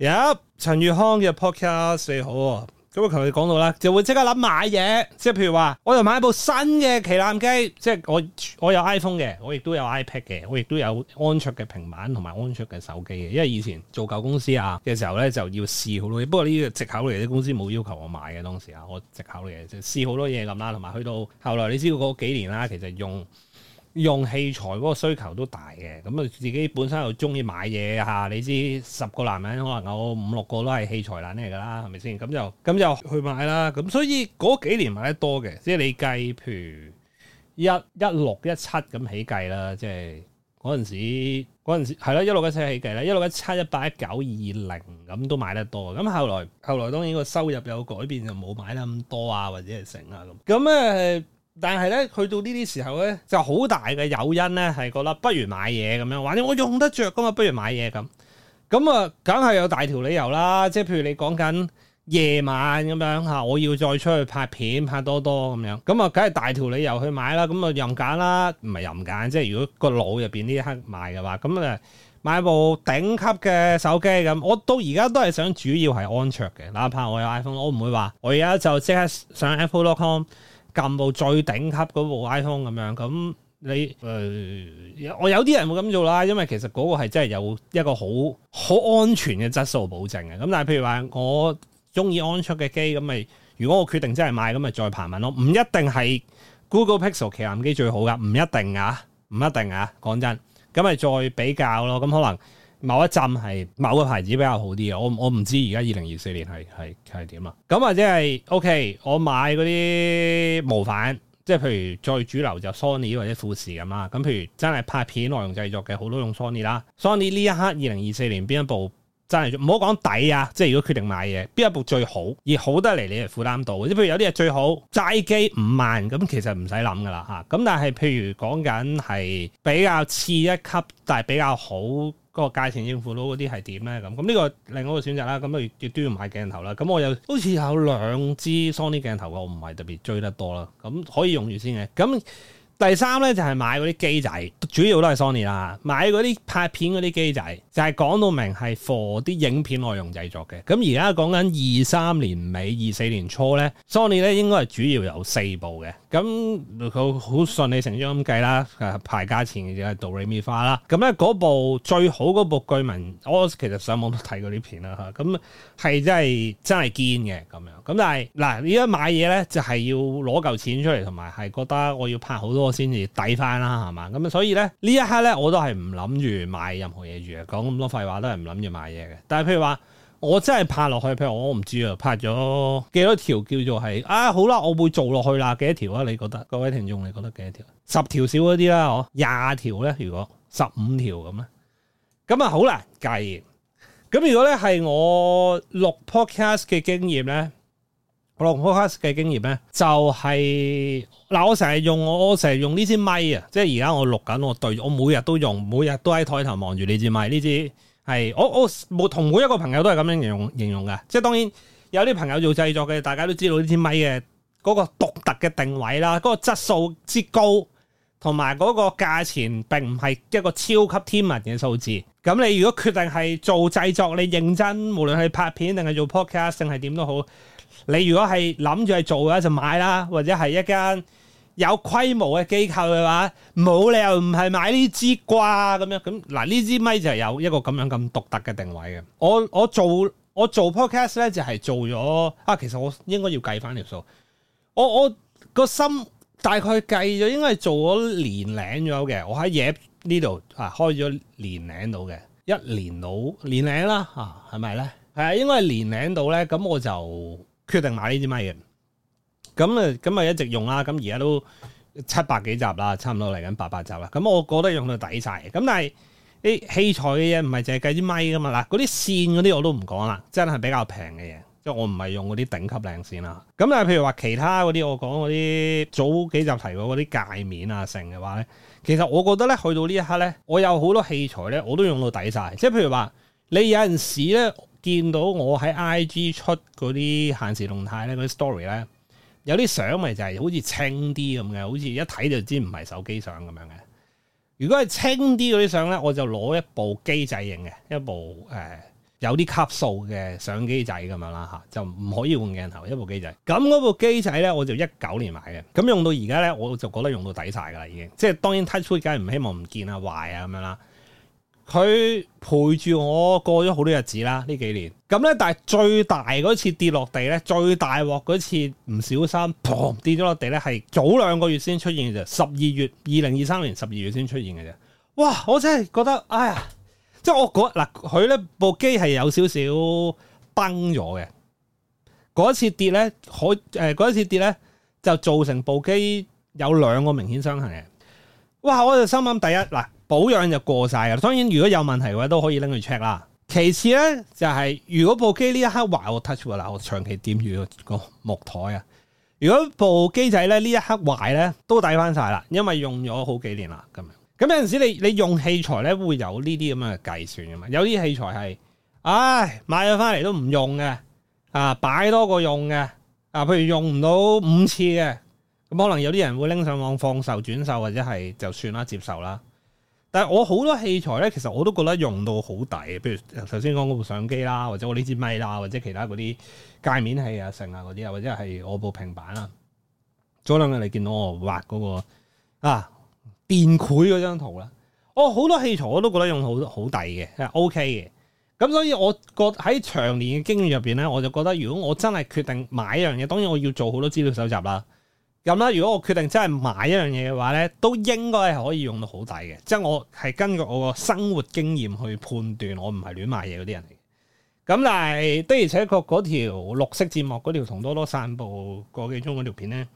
有、yep, 陳月康嘅 podcast 幾好喎，咁啊琴日講到啦，就會即刻諗買嘢，即係譬如話，我又買一部新嘅旗艦機，即係我我有 iPhone 嘅，我亦都有 iPad 嘅，我亦都有安卓嘅平板同埋安卓嘅手機嘅，因為以前做舊公司啊嘅時候咧，就要試好多嘢，不過呢個藉口嚟，啲公司冇要求我買嘅當時啊，我藉口嚟嘅，就試好多嘢咁啦，同埋去到後來你知道嗰幾年啦，其實用用器材嗰個需求都大嘅，咁啊自己本身又中意買嘢吓，你知十個男人可能有五六個都係器材撚嚟噶啦，係咪先？咁就咁就去買啦。咁所以嗰幾年買得多嘅，即係你計，譬如一一六一七咁起計啦，即係嗰陣時嗰陣時係啦，一六一七起計啦，一六一七一八一九二零咁都買得多。咁後來後來當然個收入有改變，就冇買得咁多啊，或者係成啊咁。咁誒。呃但係咧，去到呢啲時候咧，就好大嘅誘因咧，係覺得不如買嘢咁樣。或者我用得着噶嘛，不如買嘢咁。咁啊，梗係有大條理由啦。即係譬如你講緊夜晚咁樣嚇，我要再出去拍片拍多多咁樣。咁啊，梗係大條理由去買啦。咁啊，任揀啦，唔係任揀。即係如果個腦入邊呢一刻買嘅話，咁啊買部頂級嘅手機咁。我到而家都係想主要係安卓嘅，哪怕我有 iPhone，我唔會話我而家就即刻上 Apple.com。撳部最頂級嗰部 iPhone 咁樣，咁你誒，我有啲人會咁做啦，因為其實嗰個係真係有一個好好安全嘅質素保證嘅。咁但係譬如話，我中意安卓嘅機，咁咪如果我決定真係買，咁咪再爬問咯，唔一定係 Google Pixel 旗艦機最好㗎，唔一定啊，唔一定啊，講真，咁咪再比較咯，咁可能。某一陣係某個牌子比較好啲嘅，我我唔知而家二零二四年係係係點啊？咁或者係 OK，我買嗰啲模範，即係譬如最主流就 Sony 或者富士咁啊。咁譬如真係拍片內容製作嘅，好多用 Sony 啦。Sony 呢一刻二零二四年邊一部真係唔好講抵啊！即係如果決定買嘢，邊一部最好而好得嚟你係負擔到？即係譬如有啲嘢最好齋機五萬咁，其實唔使諗㗎喇吓。咁但係譬如講緊係比較次一級，但係比較好。.個價錢應付到嗰啲係點咧？咁，咁呢個另外一個選擇啦，咁要亦都要買鏡頭啦，咁我又好似有兩支 Sony 鏡頭，我唔係特別追得多啦，咁可以用住先嘅，咁。第三咧就係、是、買嗰啲機仔，主要都係 Sony 啦，買嗰啲拍片嗰啲機仔，就係講到明係 for 啲影片內容製作嘅。咁而家講緊二三年尾二四年初咧，Sony 咧應該係主要有四部嘅。咁佢好順理成章咁計啦，係排價錢嘅就係《Do Re Mi Fa》啦。咁咧部最好嗰部據聞，我其實上網都睇過啲片啦嚇。咁係真係真係堅嘅咁樣。咁但係嗱，依家買嘢咧就係、是、要攞嚿錢出嚟，同埋係覺得我要拍好多。先至抵翻啦，係嘛？咁啊，所以咧呢一刻咧，我都係唔諗住買任何嘢住，講咁多廢話都係唔諗住買嘢嘅。但係譬如話，我真係拍落去，譬如我唔知啊，拍咗幾多條叫做係啊，好啦，我會做落去啦，幾多條啊？你覺得？各位聽眾你覺得幾多條？十條少咗啲啦，哦，廿條咧？如果十五條咁咧，咁啊好啦，計。咁如果咧係我錄 podcast 嘅經驗咧。我錄 focus 嘅經驗咧，就係嗱，我成日用我成日用呢支咪。啊，即係而家我錄緊我對，我每日都用，每日都喺台頭望住呢支咪。呢支係我我同每一個朋友都係咁樣形容形容噶。即係當然有啲朋友做製作嘅，大家都知道呢支咪嘅嗰個獨特嘅定位啦，嗰個質素之高，同埋嗰個價錢並唔係一個超級天文嘅數字。咁你如果你決定係做製作，你認真，無論係拍片定係做 podcast 定係點都好，你如果係諗住係做嘅話就買啦，或者係一間有規模嘅機構嘅話，冇理由唔係買呢支瓜咁樣。咁嗱，呢支咪就係有一個咁樣咁獨特嘅定位嘅。我我做我做 podcast 咧，就係做咗啊，其實我應該要計翻條數。我我個心大概計咗，應該係做咗年零咗嘅。我喺嘢。呢度啊，開咗年領到嘅，一年到年領啦，啊，係咪咧？係啊，應該係年領到咧，咁我就決定買呢支咪嘅。咁啊，咁啊一直用啦，咁而家都七百幾集啦，差唔多嚟緊八百集啦。咁我覺得用到抵晒嘅。咁但係啲器材嘅嘢唔係淨係計支咪噶嘛，嗱，嗰啲線嗰啲我都唔講啦，真係比較平嘅嘢。即係我唔係用嗰啲頂級靚線啦，咁但係譬如話其他嗰啲我講嗰啲早幾集提過嗰啲界面啊，成嘅話咧，其實我覺得咧去到呢一刻咧，我有好多器材咧我都用到底晒。即係譬如話你有陣時咧見到我喺 IG 出嗰啲限時動態咧嗰啲 story 咧，有啲相咪就係好似清啲咁嘅，好似一睇就知唔係手機相咁樣嘅。如果係清啲嗰啲相咧，我就攞一部機仔影嘅，一部誒。呃有啲級數嘅相機仔咁樣啦嚇，就唔可以換鏡頭一部機仔。咁嗰部機仔咧，我就一九年買嘅。咁用到而家咧，我就覺得用到底晒噶啦，已經。即係當然 touch wood 梗係唔希望唔見啊壞啊咁樣啦。佢陪住我過咗好多日子啦呢幾年。咁咧，但係最大嗰次跌落地咧，最大鑊嗰次唔小心，砰跌咗落地咧，係早兩個月先出現嘅啫，十二月二零二三年十二月先出現嘅啫。哇！我真係覺得，哎呀～即係我嗰嗱佢咧部機係有少少崩咗嘅，嗰一次跌咧可誒呃、嗰一次跌咧就造成部機有兩個明顯傷痕嘅。哇！我就心諗，第一嗱保養就過晒㗎，當然如果有問題嘅話都可以拎去 check 啦。其次咧就係、是、如果部機呢一刻壞，我 touch 㗎啦，我長期點住個木台啊，如果部機仔咧呢一刻壞咧都抵翻晒啦，因為用咗好幾年啦咁樣。咁、嗯、有陣時你你用器材咧會有呢啲咁嘅計算噶嘛？有啲器材係，唉，買咗翻嚟都唔用嘅，啊，擺多過用嘅，啊，譬如用唔到五次嘅，咁、嗯、可能有啲人會拎上網放售、轉售或者係就算啦、接受啦。但係我好多器材咧，其實我都覺得用到好抵。譬如頭先講嗰部相機啦，或者我呢支咪啦，或者其他嗰啲介面器啊、成啊嗰啲啊，或者係我部平板啦。早兩日你見到我畫嗰、那個啊。變攰嗰張圖啦，哦，好多器材我都覺得用好好抵嘅，OK 嘅。咁所以我覺喺長年嘅經驗入邊咧，我就覺得如果我真係決定買一樣嘢，當然我要做好多資料搜集啦。咁啦，如果我決定真係買一樣嘢嘅話咧，都應該係可以用到好抵嘅。即係我係根據我個生活經驗去判斷，我唔係亂買嘢嗰啲人嚟。咁但係的而且確嗰條綠色節目、嗰條同多多散步個幾鐘嗰條片咧。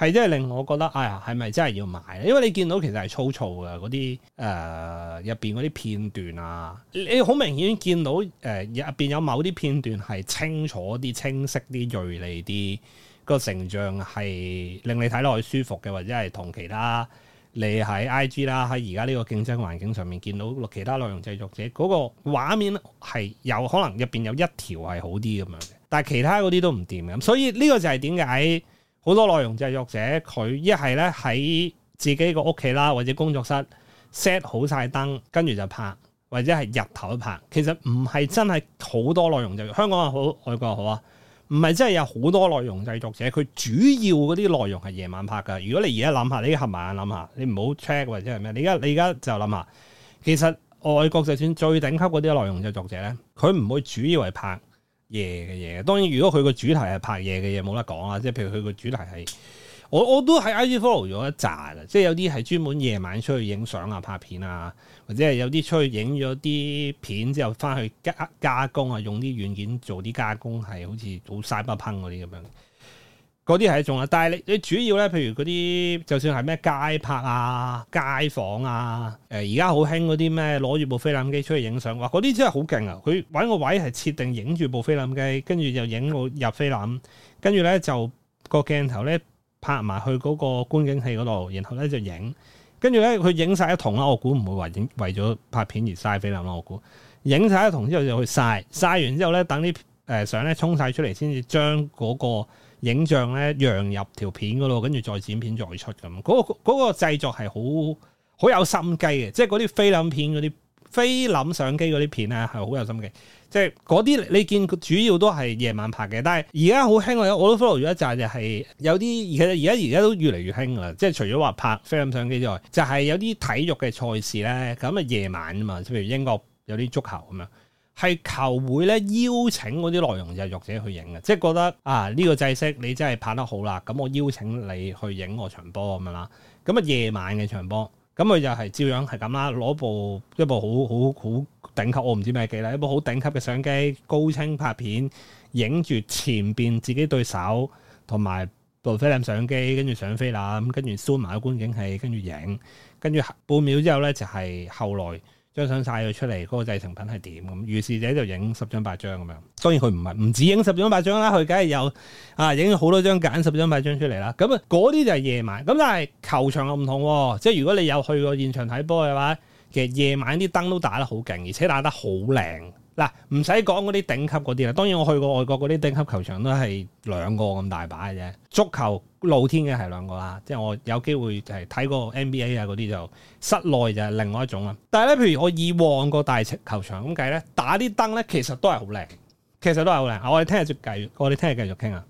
係即係令我覺得，哎呀，係咪真係要買？因為你見到其實係粗糙嘅嗰啲，誒，入邊嗰啲片段啊，你好明顯見到，誒、呃，入邊有某啲片段係清楚啲、清晰啲、銳利啲，個成像係令你睇落去舒服嘅，或者係同其他你喺 IG 啦，喺而家呢個競爭環境上面見到其他內容製作者嗰個畫面係有可能入邊有一條係好啲咁樣，但係其他嗰啲都唔掂嘅，所以呢個就係點解？好多內容製作者佢一係咧喺自己個屋企啦，或者工作室 set 好晒燈，跟住就拍，或者係日頭都拍。其實唔係真係好多內容就香港又好，外國又好啊，唔係真係有好多內容製作者，佢主要嗰啲內容係夜晚拍噶。如果你而家諗下，你合埋眼諗下，你唔好 check 或者係咩，你而家你而家就諗下，其實外國就算最頂級嗰啲內容製作者咧，佢唔會主要係拍。夜嘅嘢，當然如果佢個主題係拍夜嘅嘢冇得講啦，即係譬如佢個主題係，我我都喺 IG follow 咗一扎啦，即係有啲係專門夜晚出去影相啊、拍片啊，或者係有啲出去影咗啲片之後翻去加加工啊，用啲軟件做啲加工係好似好 cyberpunk 嗰啲咁樣。嗰啲係仲種，但係你你主要咧，譬如嗰啲就算係咩街拍啊、街訪啊，誒而家好興嗰啲咩攞住部菲林機出嚟影相，哇！嗰啲真係好勁啊！佢揾個位係設定影住部菲林機，跟住就影我入菲林，跟住咧就個鏡頭咧拍埋去嗰個觀景器嗰度，然後咧就影，跟住咧佢影晒一筒啦。我估唔會為影為咗拍片而嘥菲林咯。我估影晒一筒之後就去晒曬，曬完之後咧，等啲誒相咧沖曬出嚟，先至將嗰影像咧，入條片噶咯，跟住再剪片再出咁。嗰、嗰個嗰、嗰個、製作係好好有心機嘅，即係嗰啲菲林片嗰啲菲林相機嗰啲片咧係好有心機。即係嗰啲你見主要都係夜晚拍嘅，但係而家好興我我都 follow 咗一紮就係、係、有啲其實而家而家都越嚟越興啦，即係除咗話拍菲林相機之外，就係、係、有啲體育嘅賽事咧，咁啊夜晚啊嘛，譬如英國有啲足球咁樣。係球會咧，邀請嗰啲內容創作者去影嘅，即係覺得啊呢個制式你真係拍得好啦，咁我邀請你去影我場波咁樣啦。咁啊夜晚嘅場波，咁佢就係照樣係咁啦，攞部一部好好好頂級，我唔知咩機啦，一部好頂級嘅相機，高清拍片，影住前邊自己對手同埋部菲林相機，跟住上菲林，咁跟住收埋個觀景器，跟住影，跟住半秒之後咧就係後來。張相曬佢出嚟，嗰、嗰個製成品係點咁？於是者就影十張八張咁樣，當然佢唔係唔止影十張八張啦，佢梗係有啊，影咗好多張揀十張八張出嚟啦。咁啊，嗰啲就係夜晚。咁但係球場又唔同、啊，即係如果你有去過現場睇波嘅話，其實夜晚啲燈都打得好勁，而且打得好靚。嗱，唔使講嗰啲頂級嗰啲啦，當然我去過外國嗰啲頂級球場都係兩個咁大把嘅啫，足球露天嘅係兩個啦，即係我有機會就係睇過 NBA 啊嗰啲就室內就係另外一種啦。但係咧，譬如我以往個大球場咁計咧，打啲燈咧其實都係好靚，其實都係好靚。我哋聽日繼續，我哋聽日繼續傾啊。